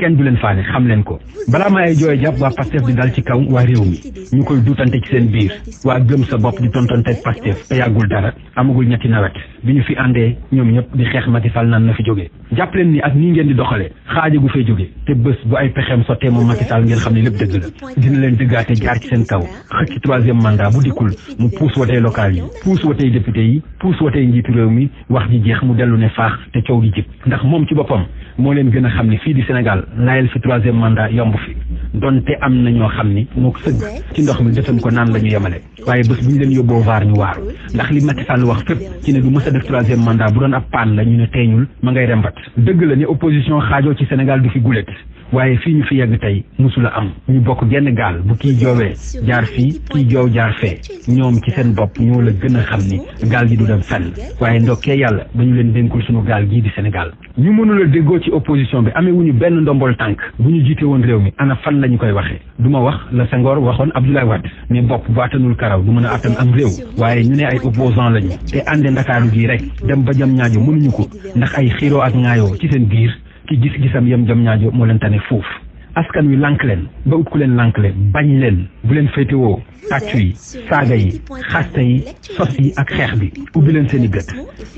kenn du leen faale xam leen ko balaa ma ay jooy jàpp waa Pastef di dal ci kaw waa réew mi ñu koy duutante ci seen biir waa gëm sa bopp di tontonteeg Pastef te yàggul dara amagul ñetti nawet bi ñu fi àndee ñoom ñëpp di xeex Macky Sall naan na fi jógee jàpp leen ni ak nii ngeen di doxalee xaaja gu fay jógee te bés bu ay pexeem sottee moom Macky Sall ngeen xam ne lépp dëgg la dina leen dëggaate jaar ci seen kaw xëcc troisième mandat bu dikkul mu puus watey local yi puus watey mi wax ji jeex mu dellu ne faax te coow di jib ndax moom moo leen gën a xam ni fii di Sénégal layal fi troisième mandat yomb fi donte am na ñoo xam ni moo ko sëgg ci ndox mi defam ko naan la ñu yemale waaye bés bu ñu leen yóbboo vaar ñu waar ndax li Macky Sall wax fépp ci ne du mës a def troisième mandat bu doon ab paan la ñu ne teeñul ma ngay rembat dëgg la ne opposition xaajoo ci Sénégal du fi gulet waaye fii ñu fi yegg tey musula am ñu bokk genn gaal bu kii joowee jaar fii kii joow jaar fee ñoom ci seen bopp ñoo la gën a xam ni gaal gi du dem fenn waaye ndokkee yàlla ba ñu leen dénkul suñu gaal gii di Sénégal ñu mënula déggoo ci opposition bi amee wu ñu benn ndombol tànk bu ñu jiite woon réew mi ana fan la ñu koy waxee du ma wax la Senghor waxoon Abdoulaye Wade ne bopp bu attanul karaw du mën a attan am réew waaye ñu ne ay opposant lañu te ànde ndakaaru gii rek dem ba jam ñaajo mënuñu ko ndax ay xiiroo ak ŋaayoo ci seen biir ki gis-gisam yam jom ñaajo moo leen tane foofu askan wi lànk leen ba ut ku leen lànk leen bañ leen bu leen féetewoo tàccu yi saaga yi xasta yi sos yi ak xeex bi ubbi leen seen i gët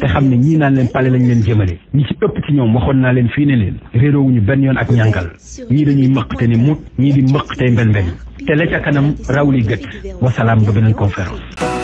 te xam ne ñii naan leen pale lañ leen jëmale ñi ci ëpp ci ñoom waxoon naa leen fii ne leen ñu benn yoon ak ñàngal ñii dañuy mëq te ni mut ñii di mëq tey mbel mbel te la ca kanam raw yi gët wasalaam ba beneen conférence